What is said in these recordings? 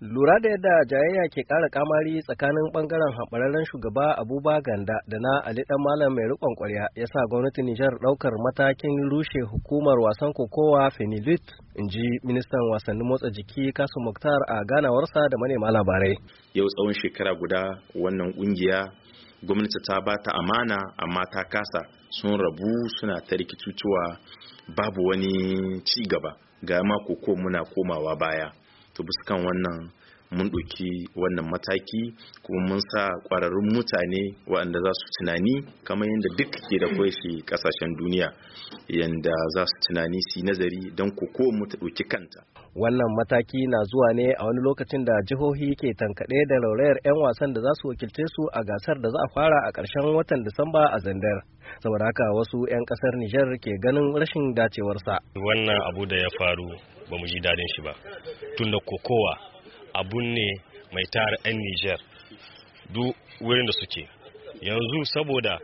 Lura da yadda jayayya ke ƙara kamari tsakanin ɓangaren haɓararren shugaba Abuba Ganda da na Ali ɗan Malam mai riƙon ƙwarya ya sa gwamnatin Nijar ɗaukar matakin rushe hukumar wasan kokowa Fenilit, in ji ministan wasannin motsa jiki Kasu Muktar a ganawarsa da manema labarai. Yau tsawon shekara guda wannan ƙungiya gwamnati ta ba ta amana amma ta kasa sun rabu suna ta rikicucuwa babu wani ci gaba ga mako ko muna komawa baya. to bisa kan wannan mun ɗauki wannan mataki kuma mun sa ƙwararrun mutane waɗanda za su tunani kamar yadda duk ke da shi ƙasashen duniya yadda za su tunani su nazari don koko mu ta ɗauki kanta. Wannan mataki na zuwa ne a wani lokacin da jihohi ke tankaɗe da laurayar 'yan wasan da za su wakilce su a gasar da za a fara a ƙarshen watan Disamba a Zandar. Saboda haka wasu 'yan ƙasar Nijar ke ganin rashin dacewarsa. Wannan abu da ya faru ba mu ji daɗin shi ba. Tunda kokowa abun ne mai tara 'yan Nijar duk wurin da suke. Yanzu saboda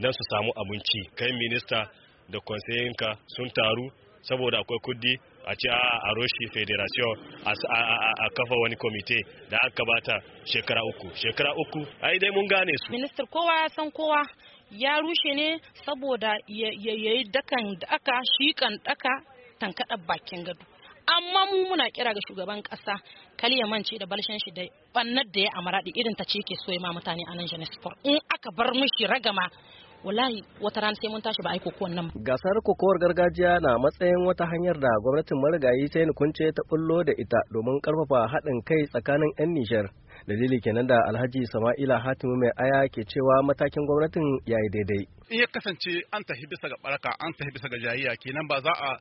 nan su samu abinci kai minista da konsayinka sun taru saboda akwai kudi a ce a roshi federation a kafa wani komite da aka bata shekara uku shekara uku ai dai mun gane su minister kowa ya san kowa ya rushe ne saboda yayi dakan da aka shikan daka tankaɗar bakin gado amma mu muna kira ga shugaban kasa Kaliya ya mance da balshen shi da bannar da ya amaradi irin ta ce ke so ma mutane a nan janisport in aka bar mishi ragama wallahi wata rana sai mun tashi ba aiko ko nan gasar kokowar gargajiya na matsayin wata hanyar da gwamnatin marigayi sai kunce ta bullo da ita domin karfafa haɗin kai tsakanin 'yan Nijar dalili kenan da Alhaji Sama'ila Hatimu mai aya ke cewa matakin gwamnatin ya yi daidai in ya kasance an tafi bisa ga baraka an tafi bisa ga jayayya, kenan ba za a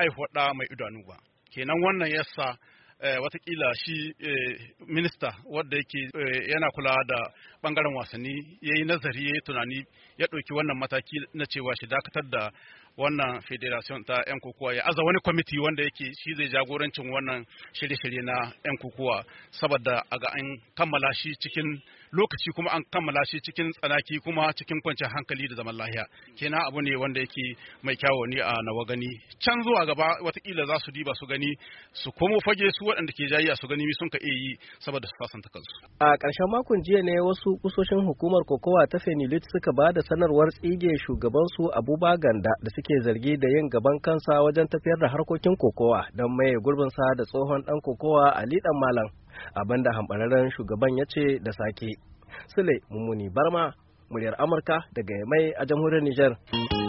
aihuwa mai idanu ba kenan wannan yasa eh, watakila shi eh, minista wadda yake eh, yana kula da bangaren wasanni ya yi nazari ya yi tunani ya ɗauki wannan mataki na cewa shi dakatar da wannan federation ta 'yan kokowa ya aza wani kwamiti wanda yake shi zai jagorancin wannan shirye-shirye na 'yan kokowa saboda a ga an kammala shi cikin lokaci kuma an kammala shi cikin tsanaki kuma cikin kwanciyar hankali da zaman lahiya kenan abu ne wanda yake mai kyawo ne a nawa gani can zuwa gaba watakila za su diba su gani su komo fage su waɗanda ke jayi a su gani sun ka iya yi saboda su fasanta kansu a ƙarshen makon jiya ne wasu kusoshin hukumar kokowa ta fenilit suka ba da sanarwar tsige shugabansu abuba ganda da suke zargi da yin gaban kansa wajen tafiyar da harkokin kokowa don maye gurbinsa da tsohon ɗan kokowa ali dan malam abinda hambararren shugaban ya ce da sake sule mummuni barma muryar amurka daga mai a jamhuriyar Nijar.